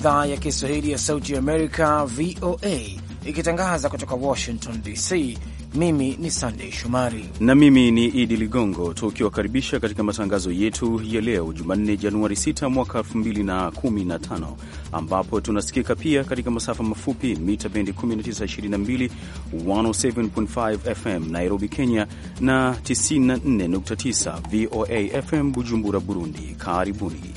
idhaa ya Kiswahili ya Sauti Amerika, VOA, ikitangaza kutoka Washington DC. Mimi ni Sandei Shomari na mimi ni Idi Ligongo, tukiwakaribisha katika matangazo yetu ya leo Jumanne, Januari 6 mwaka 2015, ambapo tunasikika pia katika masafa mafupi mita bendi 1922 107.5 FM Nairobi, Kenya na 94.9 VOA FM Bujumbura, Burundi. Karibuni.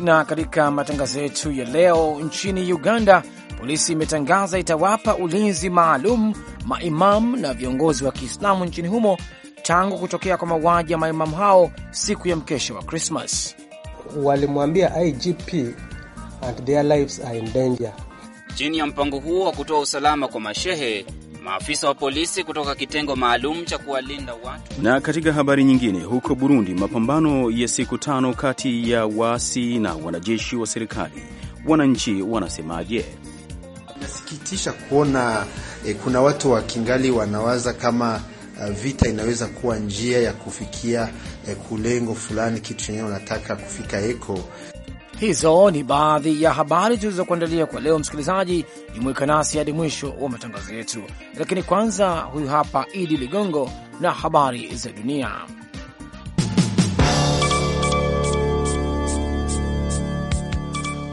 Na katika matangazo yetu ya leo, nchini Uganda polisi imetangaza itawapa ulinzi maalum maimamu na viongozi wa Kiislamu nchini humo tangu kutokea kwa mauaji ya maimamu hao siku ya mkesha wa Krismas. Walimwambia IGP and their lives are in danger. Chini ya mpango huo wa kutoa usalama kwa mashehe maafisa wa polisi kutoka kitengo maalum cha kuwalinda watu. Na katika habari nyingine, huko Burundi, mapambano ya siku tano kati ya waasi na wanajeshi wa serikali, wananchi wanasemaje? Nasikitisha kuona eh, kuna watu wakingali wanawaza kama eh, vita inaweza kuwa njia ya kufikia eh, kulengo fulani, kitu chenyewe wanataka kufika eko Hizo ni baadhi ya habari tulizokuandalia kwa leo. Msikilizaji, jumuika nasi hadi mwisho wa matangazo yetu, lakini kwanza, huyu hapa Idi Ligongo na habari za dunia.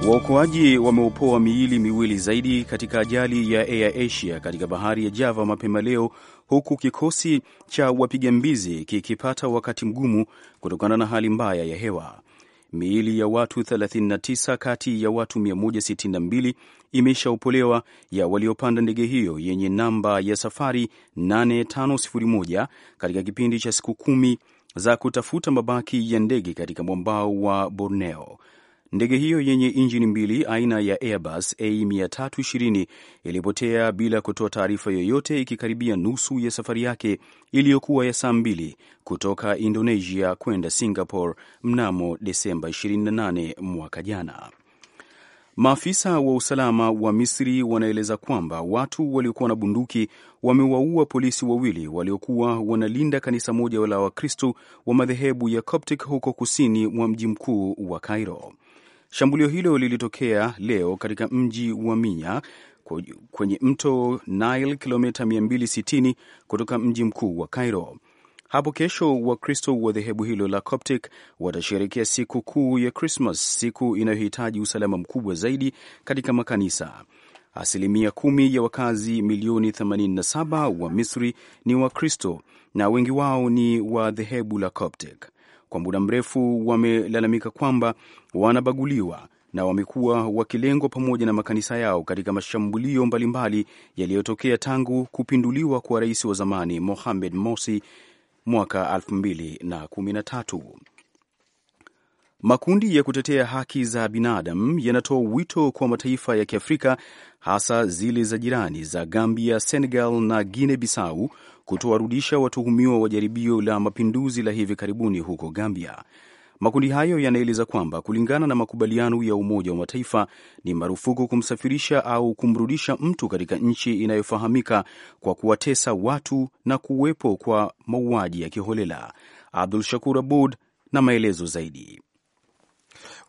Waokoaji wameopoa miili miwili zaidi katika ajali ya Air Asia katika bahari ya Java mapema leo, huku kikosi cha wapiga mbizi kikipata wakati mgumu kutokana na hali mbaya ya hewa. Miili ya watu 39 kati ya watu 162 imeshaopolewa ya waliopanda ndege hiyo yenye namba ya safari 8501 katika kipindi cha siku kumi za kutafuta mabaki ya ndege katika mwambao wa Borneo. Ndege hiyo yenye injini mbili aina ya Airbus A320 ilipotea bila kutoa taarifa yoyote ikikaribia nusu ya safari yake iliyokuwa ya saa mbili kutoka Indonesia kwenda Singapore mnamo Desemba 28 mwaka jana. Maafisa wa usalama wa Misri wanaeleza kwamba watu waliokuwa na bunduki wamewaua polisi wawili waliokuwa wanalinda kanisa moja la Wakristo wa madhehebu ya Coptic huko kusini mwa mji mkuu wa Cairo. Shambulio hilo lilitokea leo katika mji wa Minya kwenye mto Nile, kilomita 260 kutoka mji mkuu wa Cairo. Hapo kesho Wakristo wa dhehebu hilo la Coptic watasherekea siku kuu ya Krismas, siku inayohitaji usalama mkubwa zaidi katika makanisa. Asilimia kumi ya wakazi milioni 87 wa Misri ni Wakristo na wengi wao ni wa dhehebu la Coptic kwa muda mrefu wamelalamika kwamba wanabaguliwa na wamekuwa wakilengwa pamoja na makanisa yao katika mashambulio mbalimbali yaliyotokea tangu kupinduliwa kwa rais wa zamani Mohamed Morsi mwaka 2013. Makundi ya kutetea haki za binadamu yanatoa wito kwa mataifa ya Kiafrika hasa zile za jirani za Gambia, Senegal na Guinea Bissau kutowarudisha watuhumiwa wa jaribio la mapinduzi la hivi karibuni huko Gambia. Makundi hayo yanaeleza kwamba kulingana na makubaliano ya Umoja wa Mataifa ni marufuku kumsafirisha au kumrudisha mtu katika nchi inayofahamika kwa kuwatesa watu na kuwepo kwa mauaji ya kiholela. Abdul Shakur Abud na maelezo zaidi.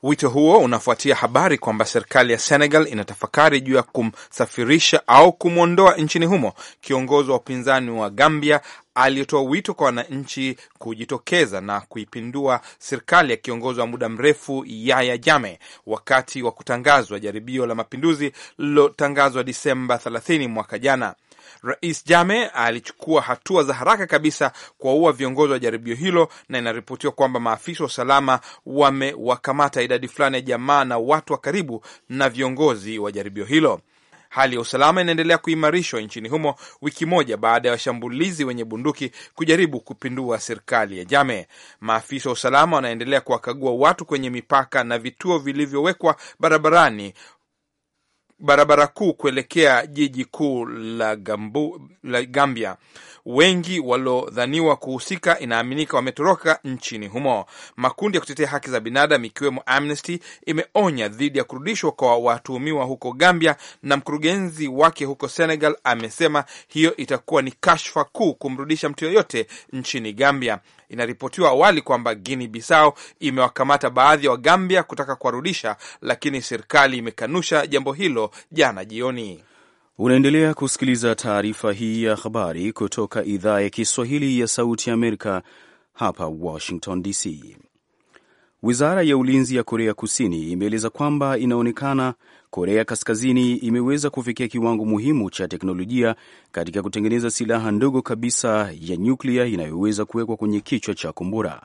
Wito huo unafuatia habari kwamba serikali ya Senegal inatafakari juu ya kumsafirisha au kumwondoa nchini humo kiongozi wa upinzani wa Gambia aliyetoa wito kwa wananchi kujitokeza na kuipindua serikali ya kiongozi wa muda mrefu yaya jame wakati wa kutangazwa jaribio la mapinduzi lililotangazwa Disemba 30 mwaka jana. Rais Jame alichukua hatua za haraka kabisa kuwaua viongozi wa jaribio hilo, na inaripotiwa kwamba maafisa wa usalama wamewakamata idadi fulani ya jamaa na watu wa karibu na viongozi wa jaribio hilo. Hali ya usalama inaendelea kuimarishwa nchini humo wiki moja baada ya washambulizi wenye bunduki kujaribu kupindua serikali ya Jame. Maafisa wa usalama wanaendelea kuwakagua watu kwenye mipaka na vituo vilivyowekwa barabarani barabara kuu kuelekea jiji kuu la, la Gambia. Wengi waliodhaniwa kuhusika inaaminika wametoroka nchini humo. Makundi ya kutetea haki za binadamu ikiwemo Amnesty imeonya dhidi ya kurudishwa kwa watuhumiwa huko Gambia, na mkurugenzi wake huko Senegal amesema hiyo itakuwa ni kashfa kuu kumrudisha mtu yoyote nchini Gambia. Inaripotiwa awali kwamba Guini Bisau imewakamata baadhi ya wa Wagambia kutaka kuwarudisha, lakini serikali imekanusha jambo hilo jana jioni. Unaendelea kusikiliza taarifa hii ya habari kutoka idhaa ya Kiswahili ya Sauti ya Amerika hapa Washington DC. Wizara ya ulinzi ya Korea Kusini imeeleza kwamba inaonekana Korea Kaskazini imeweza kufikia kiwango muhimu cha teknolojia katika kutengeneza silaha ndogo kabisa ya nyuklia inayoweza kuwekwa kwenye kichwa cha kombora.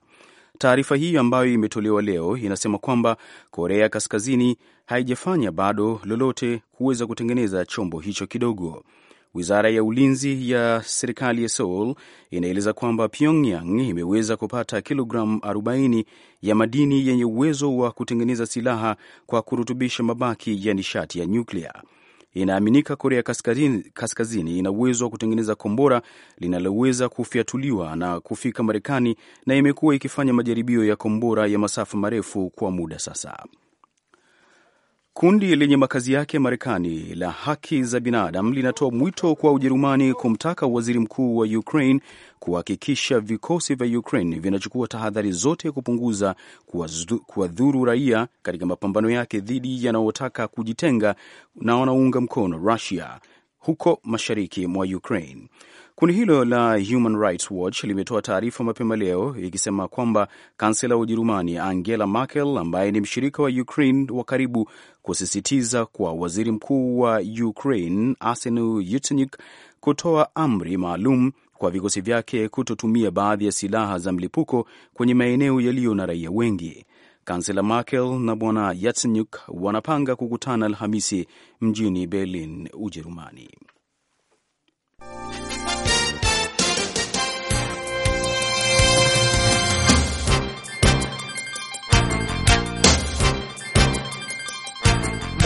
Taarifa hii ambayo imetolewa leo inasema kwamba Korea Kaskazini haijafanya bado lolote kuweza kutengeneza chombo hicho kidogo. Wizara ya ulinzi ya serikali ya Seoul inaeleza kwamba Pyongyang imeweza kupata kilogramu 40 ya madini yenye uwezo wa kutengeneza silaha kwa kurutubisha mabaki ya nishati ya nyuklia. Inaaminika Korea Kaskazini, Kaskazini ina uwezo wa kutengeneza kombora linaloweza kufyatuliwa na kufika Marekani na imekuwa ikifanya majaribio ya kombora ya masafa marefu kwa muda sasa. Kundi lenye makazi yake Marekani la haki za binadamu linatoa mwito kwa Ujerumani kumtaka waziri mkuu wa Ukraine kuhakikisha vikosi vya Ukraine vinachukua tahadhari zote kupunguza kuwadhuru raia katika mapambano yake dhidi yanaotaka kujitenga na wanaunga mkono Rusia huko mashariki mwa Ukraine. Kundi hilo la Human Rights Watch limetoa taarifa mapema leo ikisema kwamba kansela wa Ujerumani Angela Merkel, ambaye ni mshirika wa Ukraine wa karibu, kusisitiza kwa waziri mkuu wa Ukraine Arseniy Yatsenyuk kutoa amri maalum kwa vikosi vyake kutotumia baadhi ya silaha za mlipuko kwenye maeneo yaliyo na raia wengi. Kansela Merkel na bwana Yatsenyuk wanapanga kukutana Alhamisi mjini Berlin, Ujerumani.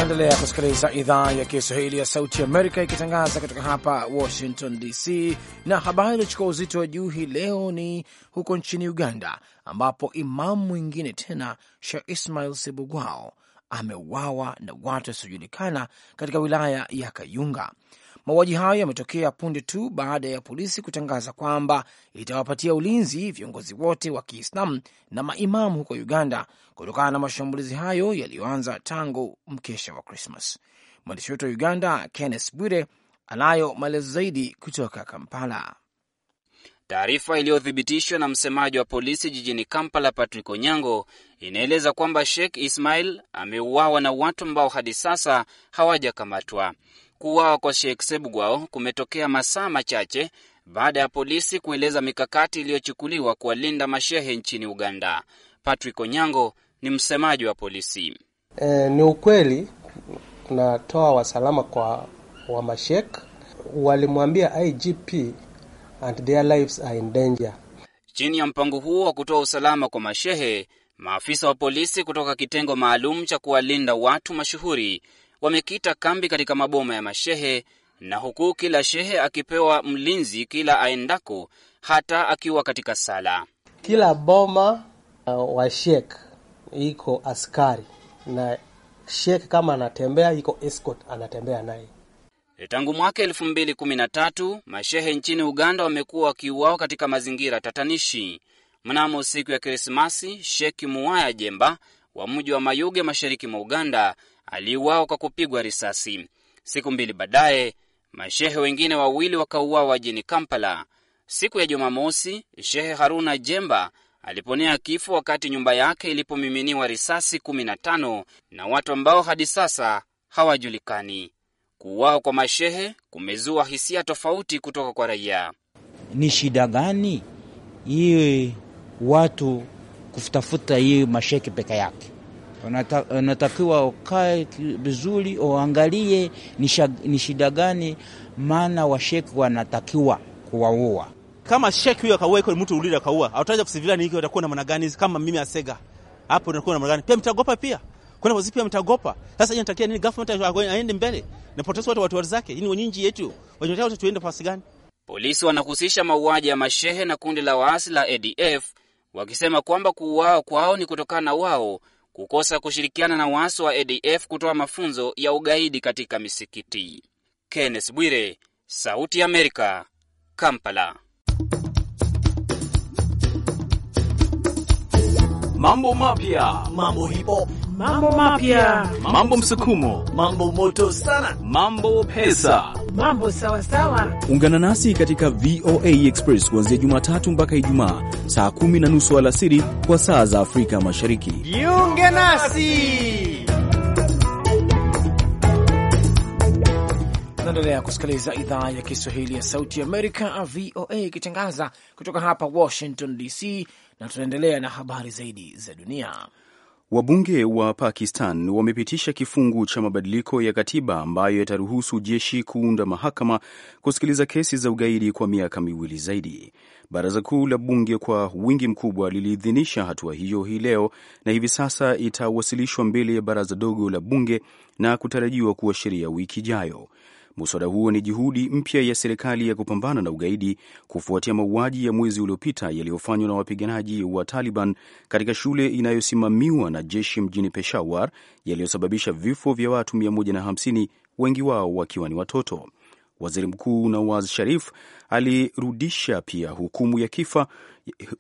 Naendelea kusikiliza idhaa ya Kiswahili ya Sauti Amerika ikitangaza kutoka hapa Washington DC, na habari iliyochukua uzito wa juu hii leo ni huko nchini Uganda, ambapo imamu mwingine tena Sheikh Ismail Sebugwao ameuawa na watu wasiojulikana katika wilaya ya Kayunga. Mauaji hayo yametokea punde tu baada ya polisi kutangaza kwamba itawapatia ulinzi viongozi wote wa Kiislamu na maimamu huko Uganda kutokana na mashambulizi hayo yaliyoanza tangu mkesha wa Krismas. Mwandishi wetu wa Uganda Kenneth Bwire anayo maelezo zaidi kutoka Kampala. Taarifa iliyothibitishwa na msemaji wa polisi jijini Kampala, Patrick Onyango, inaeleza kwamba Sheikh Ismail ameuawa na watu ambao hadi sasa hawajakamatwa. Kuuawa kwa Sheikh Sebgwao kumetokea masaa machache baada ya polisi kueleza mikakati iliyochukuliwa kuwalinda mashehe nchini Uganda. Patrick Onyango ni msemaji wa polisi. E, ni ukweli tunatoa wasalama kwa wa mashek walimwambia IGP and their lives are in danger. Chini ya mpango huo wa kutoa usalama kwa mashehe, maafisa wa polisi kutoka kitengo maalum cha kuwalinda watu mashuhuri wamekita kambi katika maboma ya mashehe, na huku kila shehe akipewa mlinzi kila aendako, hata akiwa katika sala. Kila boma uh, wa shek iko askari na shek kama anatembea iko escort anatembea naye. Tangu mwaka elfu mbili kumi na tatu mashehe nchini Uganda wamekuwa wakiuawa katika mazingira tatanishi. Mnamo siku ya Krismasi, Sheki Muwaya Jemba wa mji wa Mayuge mashariki mwa Uganda aliuawa kwa kupigwa risasi. Siku mbili baadaye mashehe wengine wawili wakauawa jini Kampala. Siku ya Jumamosi, Shehe Haruna Jemba aliponea kifo wakati nyumba yake ilipomiminiwa risasi 15 na watu ambao hadi sasa hawajulikani. Kuuawa kwa mashehe kumezua hisia tofauti kutoka kwa raia. Ni shida gani hii watu kufutafuta hii mashehe peke yake? Unatakiwa ukae vizuri, uangalie ni shida gani, maana washeki wanatakiwa kuwaua. Kama sheki huyo akaua iko mtu ulili akaua, autaja kusivilani hiki, utakuwa na maana gani? Kama mimi asega hapo, utakuwa na maana gani? Pia mtagopa pia kuna wazi pia mtagopa. Sasa yeye anatakia nini? Government aende mbele na potesa watu watu zake, ini wenyinji yetu wanyotaka watu tuende pasi gani? Polisi wanahusisha mauaji ya mashehe na kundi la waasi la ADF wakisema kwamba kuuawa kwao ni kutokana na wao kukosa kushirikiana na waasi wa ADF kutoa mafunzo ya ugaidi katika misikiti. Kenneth Bwire, Sauti ya Amerika, Kampala. Mambo mapya, mambo hipo, mambo mapya, mambo msukumo, mambo moto sana, mambo pesa mambo sawa sawa. Ungana nasi katika VOA Express kuanzia Jumatatu mpaka Ijumaa saa kumi na nusu alasiri kwa saa za Afrika Mashariki. Jiunge nasi. Endelea kusikiliza idhaa ya Kiswahili ya Sauti Amerika, VOA, ikitangaza kutoka hapa Washington DC, na tunaendelea na habari zaidi za dunia. Wabunge wa Pakistan wamepitisha kifungu cha mabadiliko ya katiba ambayo yataruhusu jeshi kuunda mahakama kusikiliza kesi za ugaidi kwa miaka miwili zaidi. Baraza kuu la bunge kwa wingi mkubwa liliidhinisha hatua hiyo hii leo na hivi sasa itawasilishwa mbele ya baraza dogo la bunge na kutarajiwa kuwa sheria wiki ijayo. Muswada huo ni juhudi mpya ya serikali ya kupambana na ugaidi kufuatia mauaji ya mwezi uliopita yaliyofanywa na wapiganaji wa Taliban katika shule inayosimamiwa na jeshi mjini Peshawar yaliyosababisha vifo vya watu 150, wengi wao wakiwa ni watoto. Waziri Mkuu Nawaz Sharif alirudisha pia hukumu ya kifa,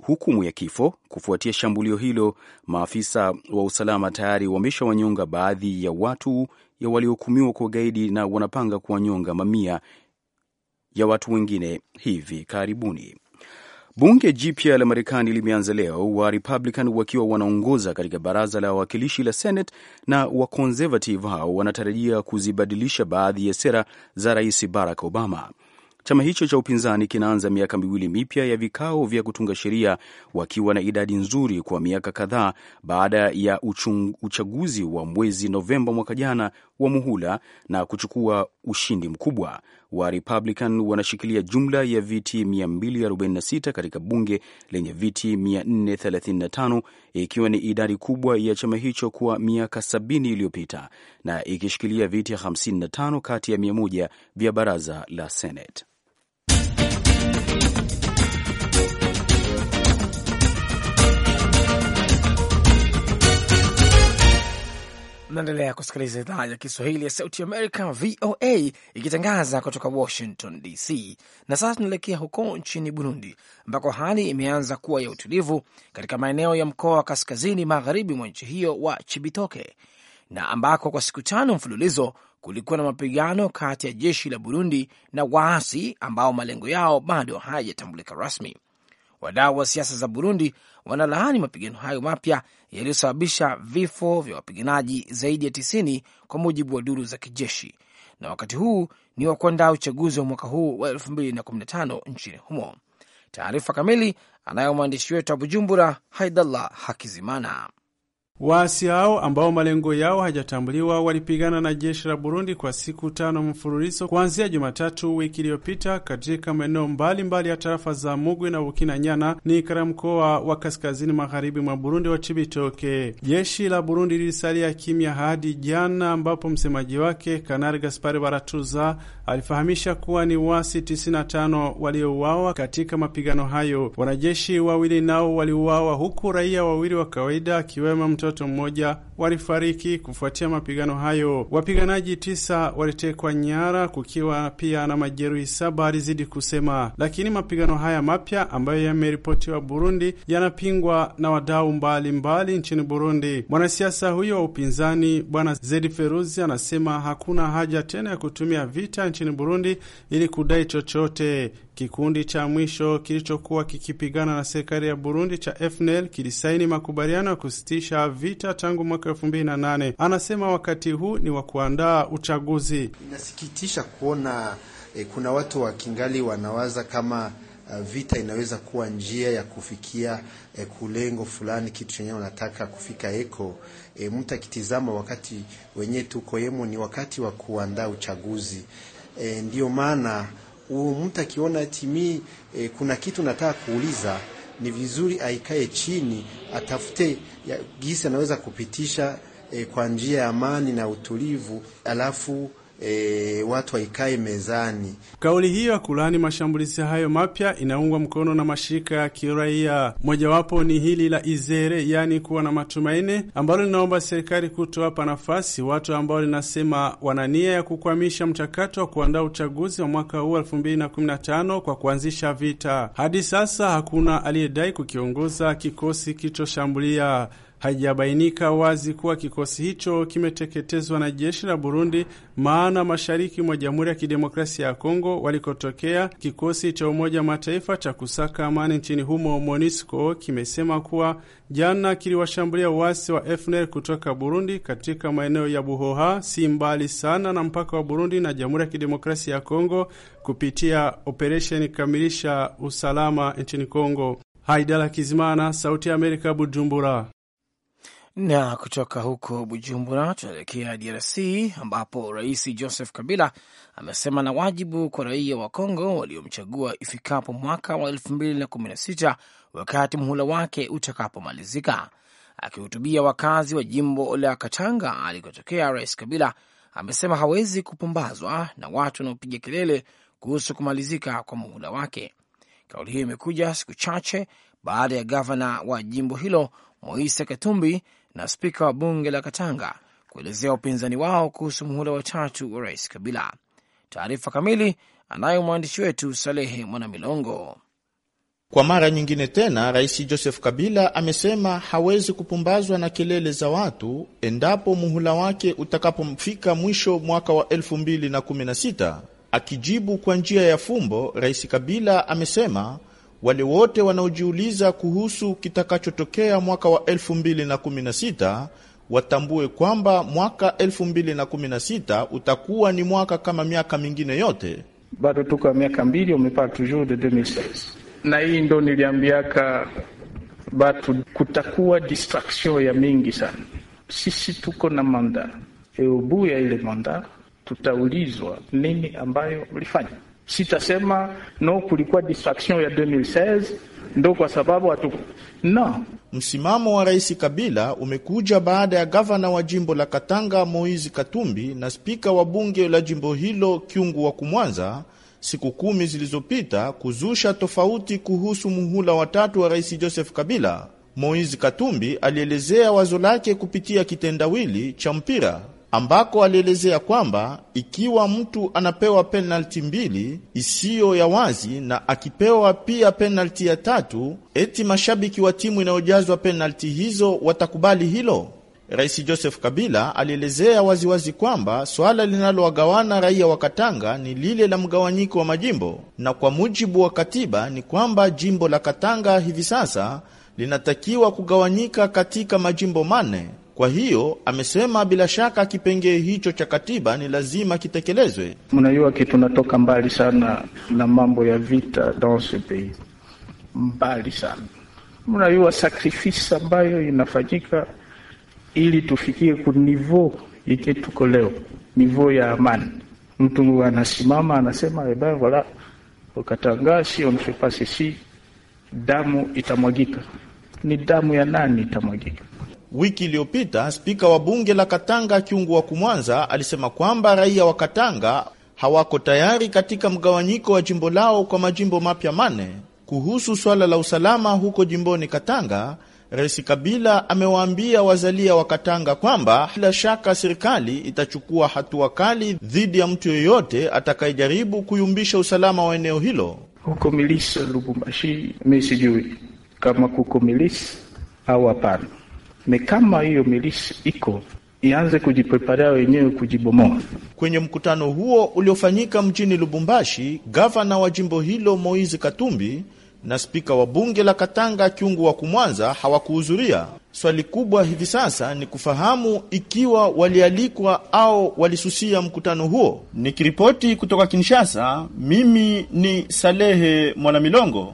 hukumu ya kifo kufuatia shambulio hilo. Maafisa wa usalama tayari wameshawanyonga baadhi ya watu ya waliohukumiwa kwa ugaidi na wanapanga kuwanyonga mamia ya watu wengine hivi karibuni. Bunge jipya la Marekani limeanza leo, wa Republican wakiwa wanaongoza katika baraza la wawakilishi la Senate, na wa Conservative hao wanatarajia kuzibadilisha baadhi ya sera za Rais Barack Obama. Chama hicho cha upinzani kinaanza miaka miwili mipya ya vikao vya kutunga sheria wakiwa na idadi nzuri kwa miaka kadhaa baada ya uchung, uchaguzi wa mwezi Novemba mwaka jana wa muhula na kuchukua ushindi mkubwa. Wa Republican wanashikilia jumla ya viti 246 katika bunge lenye viti 435 ikiwa ni idadi kubwa ya chama hicho kwa miaka 70 iliyopita na ikishikilia viti 55 kati ya 100 vya baraza la Senate. Mnaendelea kusikiliza idhaa ya Kiswahili ya Sauti Amerika, VOA, ikitangaza kutoka Washington DC. Na sasa tunaelekea huko nchini Burundi, ambako hali imeanza kuwa ya utulivu katika maeneo ya mkoa wa kaskazini magharibi mwa nchi hiyo wa Chibitoke, na ambako kwa siku tano mfululizo kulikuwa na mapigano kati ya jeshi la Burundi na waasi ambao malengo yao bado hayajatambulika rasmi. Wadau wa siasa za Burundi wanalaani mapigano hayo mapya yaliyosababisha vifo vya wapiganaji zaidi ya tisini kwa mujibu wa duru za kijeshi, na wakati huu ni wa kuandaa uchaguzi wa mwaka huu wa 2015 nchini humo. Taarifa kamili anayo mwandishi wetu wa Bujumbura, Haidallah Hakizimana. Waasi hao ambao malengo yao hajatambuliwa walipigana na jeshi la Burundi kwa siku tano mfululizo kuanzia Jumatatu wiki iliyopita katika maeneo mbalimbali ya tarafa za Mugwi na Bukinanyana ni katika mkoa wa kaskazini magharibi mwa Burundi wa Chibitoke. Jeshi la Burundi lilisalia kimya hadi jana, ambapo msemaji wake Kanali Gaspari Baratuza alifahamisha kuwa ni wasi 95 waliouawa katika mapigano hayo. Wanajeshi wawili nao waliuawa, huku raia wawili wa kawaida akiwemo mtoto mmoja walifariki kufuatia mapigano hayo. Wapiganaji tisa walitekwa nyara, kukiwa pia na majeruhi saba, alizidi kusema. Lakini mapigano haya mapya ambayo yameripotiwa Burundi yanapingwa na wadau mbalimbali nchini Burundi. Mwanasiasa huyo wa upinzani Bwana Zedi Feruzi anasema hakuna haja tena ya kutumia vita nchini Burundi ili kudai chochote. Kikundi cha mwisho kilichokuwa kikipigana na serikali ya Burundi cha FNL kilisaini makubaliano ya kusitisha vita tangu mwaka 2008. Anasema wakati huu ni wa kuandaa uchaguzi. Inasikitisha kuona eh, kuna watu wa kingali wanawaza kama eh, vita inaweza kuwa njia ya kufikia eh, kulengo fulani, kitu chenye wanataka kufika eko. Eh, mtu akitizama wakati wenyewe tuko yemo ni wakati wa kuandaa uchaguzi eh, ndiyo maana uwo mtu akiona eti e, kuna kitu nataka kuuliza, ni vizuri aikae chini atafute gisi anaweza kupitisha e, kwa njia ya amani na utulivu, alafu e, watu waikae mezani. Kauli hiyo ya kulani mashambulizi hayo mapya inaungwa mkono na mashirika ya kiraia. Mojawapo ni hili la Izere, yaani kuwa na matumaini, ambalo linaomba serikali kutowapa nafasi watu ambao linasema wana nia ya kukwamisha mchakato wa kuandaa uchaguzi wa mwaka huu 215 kwa kuanzisha vita. Hadi sasa hakuna aliyedai kukiongoza kikosi kilichoshambulia haijabainika wazi kuwa kikosi hicho kimeteketezwa na jeshi la Burundi, maana mashariki mwa Jamhuri ya Kidemokrasia ya Kongo walikotokea kikosi cha Umoja Mataifa cha kusaka amani nchini humo MONUSCO kimesema kuwa jana kiliwashambulia uasi wa FNL kutoka Burundi katika maeneo ya Buhoha, si mbali sana na mpaka wa Burundi na Jamhuri ya Kidemokrasia ya Kongo kupitia operesheni kamilisha usalama nchini Kongo. Haidala Kizimana, Sauti ya Amerika, Bujumbura. Na kutoka huko Bujumbura tunaelekea DRC ambapo Rais Joseph Kabila amesema na wajibu kwa raia wa Kongo waliomchagua ifikapo mwaka wa 216 wakati mhula wake utakapomalizika. Akihutubia wakazi wa jimbo la Katanga alikotokea, Rais Kabila amesema hawezi kupumbazwa na watu wanaopiga kelele kuhusu kumalizika kwa muhula wake. Kauli hiyo imekuja siku chache baada ya gavana wa jimbo hilo Moise Katumbi na spika wa bunge la Katanga kuelezea upinzani wao kuhusu muhula wa tatu wa rais Kabila. Taarifa kamili anayo mwandishi wetu Salehe Mwanamilongo. Kwa mara nyingine tena, Rais Joseph Kabila amesema hawezi kupumbazwa na kelele za watu endapo muhula wake utakapofika mwisho mwaka wa 2016. Akijibu kwa njia ya fumbo, Rais Kabila amesema wale wote wanaojiuliza kuhusu kitakachotokea mwaka wa 2016 watambue kwamba mwaka 2016 utakuwa ni mwaka kama miaka mingine yote. Bado tuko miaka mbili umepaa toujours de 2016 na hii ndo niliambiaka batu, kutakuwa distraction ya mingi sana. Sisi tuko na manda eubu ya ile manda tutaulizwa nini ambayo ulifanya Sitasema no kulikuwa distraction ya 2016 ndo kwa sababu hatu no. Msimamo wa Rais Kabila umekuja baada ya gavana wa jimbo la Katanga Moizi Katumbi na spika wa bunge la jimbo hilo Kyungu wa Kumwanza siku kumi zilizopita kuzusha tofauti kuhusu muhula watatu wa Rais Joseph Kabila. Moizi Katumbi alielezea wazo lake kupitia kitendawili cha mpira ambako alielezea kwamba ikiwa mtu anapewa penalti mbili isiyo ya wazi na akipewa pia penalti ya tatu, eti mashabiki wa timu inayojazwa penalti hizo watakubali hilo? Rais Joseph Kabila alielezea waziwazi kwamba swala linalowagawana raia wa Katanga ni lile la mgawanyiko wa majimbo, na kwa mujibu wa katiba ni kwamba jimbo la Katanga hivi sasa linatakiwa kugawanyika katika majimbo mane kwa hiyo amesema bila shaka kipengee hicho cha katiba ni lazima kitekelezwe. Mnajua kitu tunatoka mbali sana na mambo ya vita dans ce pays, mbali sana. Mnajua sakrifisi ambayo inafanyika ili tufikie ku nivou yenye tuko leo, nivou ya amani. Mtu anasimama anasema eba eh, vola ukatangaa si on fait damu itamwagika. Ni damu ya nani itamwagika? Wiki iliyopita spika wa bunge la Katanga Kyungu wa Kumwanza alisema kwamba raia wa Katanga hawako tayari katika mgawanyiko wa jimbo lao kwa majimbo mapya mane. Kuhusu swala la usalama huko jimboni Katanga, Rais Kabila amewaambia wazalia wa Katanga kwamba bila shaka serikali itachukua hatua kali dhidi ya mtu yoyote atakayejaribu kuyumbisha usalama wa eneo hilo. Huko milisi Lubumbashi, mi sijui kama kuko milisi au hapana ni kama hiyo milisi iko ianze kujipreparea wenyewe kujibomoa. Kwenye mkutano huo uliofanyika mjini Lubumbashi, gavana wa jimbo hilo Moizi Katumbi na spika wa bunge la Katanga Kyungu wa Kumwanza hawakuhudhuria. Swali kubwa hivi sasa ni kufahamu ikiwa walialikwa au walisusia mkutano huo. Nikiripoti kutoka Kinshasa, mimi ni Salehe Mwanamilongo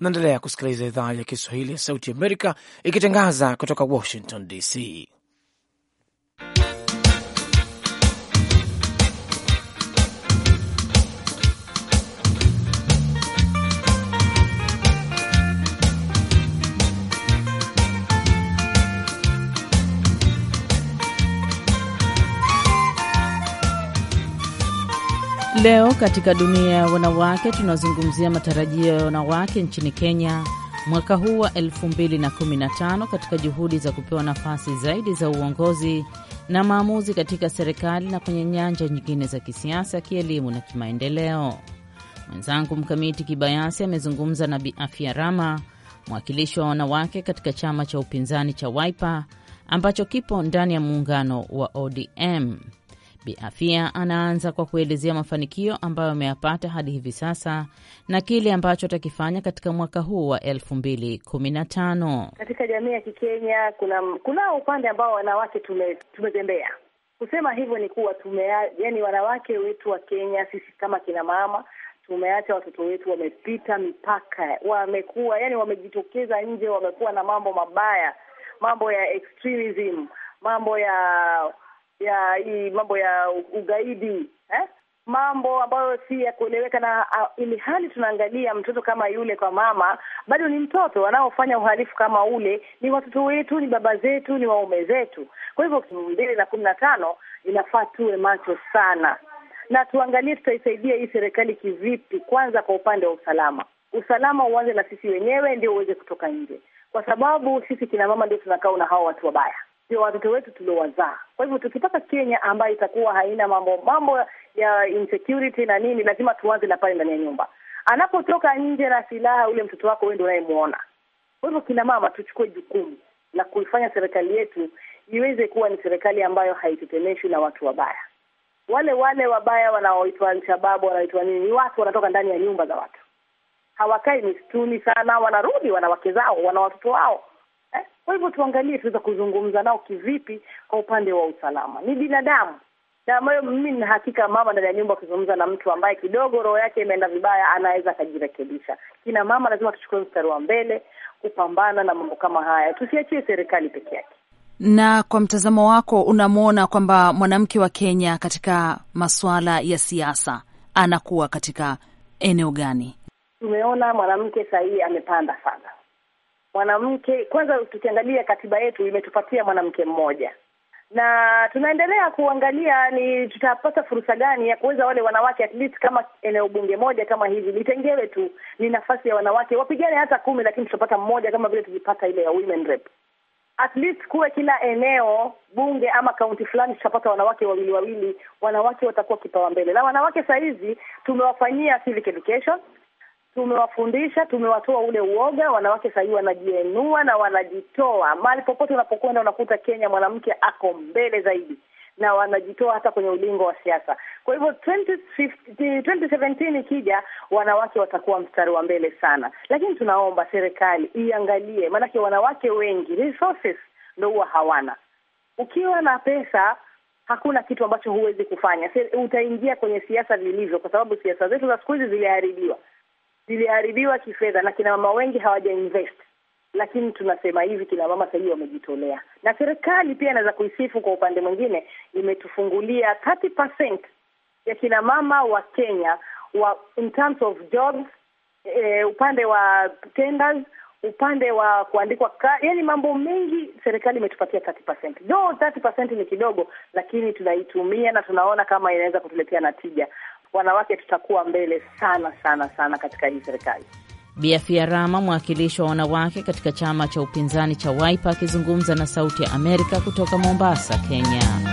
Naendelea kusikiliza idhaa ya Kiswahili ya Sauti Amerika ikitangaza kutoka Washington DC. Leo katika dunia ya wanawake tunazungumzia matarajio ya wanawake nchini Kenya mwaka huu wa 2015 katika juhudi za kupewa nafasi zaidi za uongozi na maamuzi katika serikali na kwenye nyanja nyingine za kisiasa, kielimu na kimaendeleo. Mwenzangu Mkamiti Kibayasi amezungumza na Bi Rama, mwakilishi wa wanawake katika chama cha upinzani cha Wiper ambacho kipo ndani ya muungano wa ODM biafia anaanza kwa kuelezea mafanikio ambayo ameyapata hadi hivi sasa na kile ambacho atakifanya katika mwaka huu wa elfu mbili kumi na tano. Katika jamii ya Kikenya kuna kunao upande ambao wanawake tumetembea kusema hivyo ni kuwa tume, yani wanawake wetu wa Kenya sisi kama kina mama tumeacha watoto wetu wamepita mipaka, wamekuwa yani wamejitokeza nje, wamekuwa na mambo mabaya, mambo ya extremism, mambo ya ya hii mambo ya ugaidi eh? mambo ambayo si ya kueleweka, na ah, ili hali tunaangalia mtoto kama yule, kwa mama bado ni mtoto. Wanaofanya uhalifu kama ule ni watoto wetu, ni baba zetu, ni waume zetu. Kwa hivyo mbili na kumi na tano inafaa tuwe macho sana na tuangalie tutaisaidia hii serikali kivipi. Kwanza kwa upande wa usalama, usalama uanze na sisi wenyewe ndio uweze kutoka nje, kwa sababu sisi kina mama ndio tunakaa na hawa watu wabaya ndio watoto wetu tuliowazaa. Kwa hivyo tukitaka Kenya ambayo itakuwa haina mambo mambo ya insecurity na nini, lazima tuanze na pale ndani ya nyumba. Anapotoka nje na silaha, ule mtoto wako wewe ndio unayemwona. Kwa hivyo, kina mama, tuchukue jukumu la kuifanya serikali yetu iweze kuwa ni serikali ambayo haitetemeshwi na watu wabaya. Wale wale wabaya wanaoitwa Alshababu, wanaoitwa nini, ni watu wanatoka ndani ya nyumba za watu, hawakai misituni sana, wanarudi, wana wake zao, wana watoto wao eh? Kwa hivyo tuangalie tuweza kuzungumza nao kivipi kwa upande wa usalama. Ni binadamu na ambayo mimi nina hakika mama ndani ya nyumba akizungumza na mtu ambaye kidogo roho yake imeenda vibaya, anaweza akajirekebisha. Kina mama lazima tuchukue mstari wa mbele kupambana na mambo kama haya, tusiachie serikali peke yake. Na kwa mtazamo wako, unamwona kwamba mwanamke wa Kenya katika masuala ya siasa anakuwa katika eneo gani? Tumeona mwanamke sahihi amepanda sana mwanamke. Kwanza tukiangalia katiba yetu imetupatia mwanamke mmoja, na tunaendelea kuangalia ni tutapata fursa gani ya kuweza wale wanawake at least kama eneo bunge moja kama hivi litengewe tu ni nafasi ya wanawake wapigane hata kumi, lakini tutapata mmoja kama vile tulipata ile ya women rep. At least kuwe kila eneo bunge ama kaunti fulani tutapata wanawake wawili wawili, wanawake watakuwa kipawa mbele. Na wanawake saa hizi tumewafanyia civic education tumewafundisha, tumewatoa ule uoga. Wanawake sahii wanajienua na wanajitoa. Mahali popote unapokwenda unakuta Kenya mwanamke ako mbele zaidi na wanajitoa hata kwenye ulingo wa siasa. Kwa hivyo 2017 ikija, wanawake watakuwa mstari wa mbele sana, lakini tunaomba serikali iangalie, maanake wanawake wengi resources huwa hawana. Ukiwa na pesa hakuna kitu ambacho huwezi kufanya. Utaingia kwenye siasa vilivyo, kwa sababu siasa zetu za siku hizi ziliharibiwa ziliharibiwa kifedha na kina mama wengi invest lakini tunasema hivi, kina mama sahii wamejitolea, na serikali pia inaweza kuisifu kwa upande mwingine, imetufungulia 30% ya kina mama wa Kenya wa in terms of jobs, eh, upande wa tenders upande wa kuandikwa yaani, mambo mengi serikali imetupatia 30%. Do 30% ni kidogo, lakini tunaitumia na tunaona kama inaweza kutuletea natija wanawake tutakuwa mbele sana sana sana katika hii serikali. Biafia Rama, mwakilishi wa wanawake katika chama cha upinzani cha waipa akizungumza na Sauti ya Amerika kutoka Mombasa, Kenya.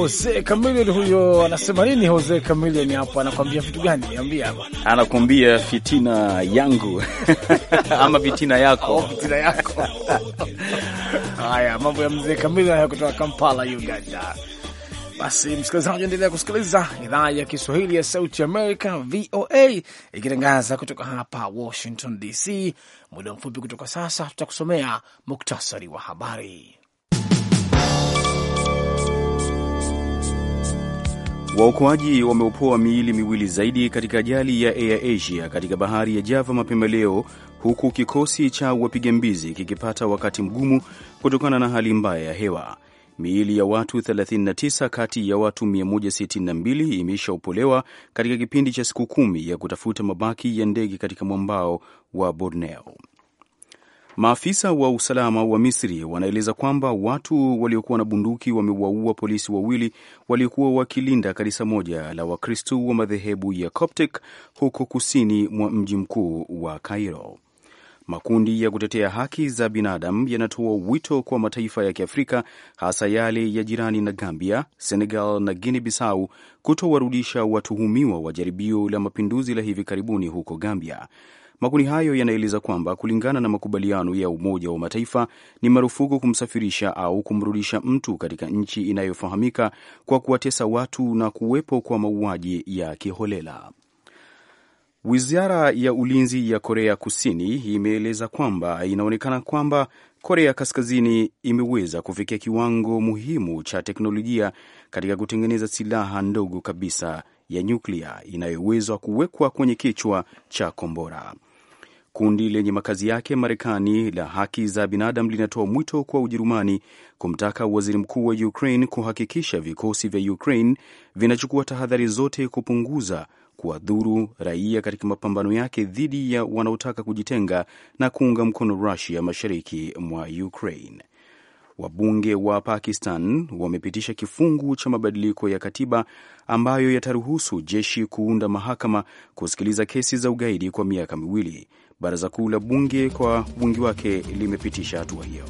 Jose Kamilion huyo anasema nini? Jose Kamilion hapo anakwambia vitu gani? Niambia hapa, anakwambia fitina yangu ama fitina yako? Oh, fitina yako. Haya, mambo ya mzee Kamilion haya kutoka Kampala, Uganda. Basi msikilizaji, endelea kusikiliza idhaa ya Kiswahili ya Sauti Amerika, VOA, ikitangaza kutoka hapa Washington DC. Muda mfupi kutoka sasa, tutakusomea muktasari wa habari. Waokoaji wameopoa miili miwili zaidi katika ajali ya Air Asia katika bahari ya Java mapema leo, huku kikosi cha wapiga mbizi kikipata wakati mgumu kutokana na hali mbaya ya hewa. Miili ya watu 39 kati ya watu 162 imeshaopolewa katika kipindi cha siku kumi ya kutafuta mabaki ya ndege katika mwambao wa Borneo. Maafisa wa usalama wa Misri wanaeleza kwamba watu waliokuwa na bunduki wamewaua polisi wawili waliokuwa wakilinda kanisa moja la Wakristo wa madhehebu ya Coptic huko kusini mwa mji mkuu wa Cairo. Makundi ya kutetea haki za binadamu yanatoa wito kwa mataifa ya Kiafrika, hasa yale ya jirani na Gambia, Senegal na Guinea Bissau, kutowarudisha watuhumiwa wa jaribio la mapinduzi la hivi karibuni huko Gambia, Makundi hayo yanaeleza kwamba kulingana na makubaliano ya Umoja wa Mataifa ni marufuku kumsafirisha au kumrudisha mtu katika nchi inayofahamika kwa kuwatesa watu na kuwepo kwa mauaji ya kiholela. Wizara ya ulinzi ya Korea Kusini imeeleza kwamba inaonekana kwamba Korea Kaskazini imeweza kufikia kiwango muhimu cha teknolojia katika kutengeneza silaha ndogo kabisa ya nyuklia inayoweza kuwekwa kwenye kichwa cha kombora. Kundi lenye makazi yake Marekani la haki za binadamu linatoa mwito kwa Ujerumani kumtaka waziri mkuu wa Ukraine kuhakikisha vikosi vya Ukraine vinachukua tahadhari zote kupunguza kuwadhuru raia katika mapambano yake dhidi ya wanaotaka kujitenga na kuunga mkono Rusia mashariki mwa Ukraine. Wabunge wa Pakistan wamepitisha kifungu cha mabadiliko ya katiba ambayo yataruhusu jeshi kuunda mahakama kusikiliza kesi za ugaidi kwa miaka miwili. Baraza kuu la bunge kwa wingi wake limepitisha hatua hiyo.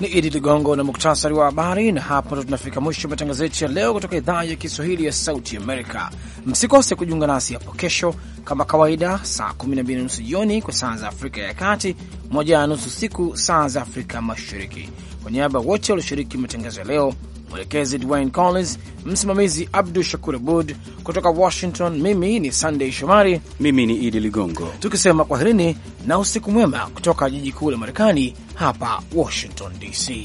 Ni Idi Ligongo na muktasari wa habari, na hapo ndo tunafika mwisho wa matangazo yetu ya leo kutoka idhaa ya Kiswahili ya Sauti Amerika. Msikose kujiunga nasi hapo kesho kama kawaida, saa 12 na nusu jioni kwa saa za Afrika ya Kati, moja na nusu siku saa za Afrika Mashariki. Kwa niaba ya wote walioshiriki matangazo ya leo mwelekezi Dwayne Collins, msimamizi Abdu Shakur Abud kutoka Washington. Mimi ni Sandey Shomari, mimi ni Idi Ligongo, tukisema kwaherini na usiku mwema kutoka jiji kuu la Marekani, hapa Washington DC.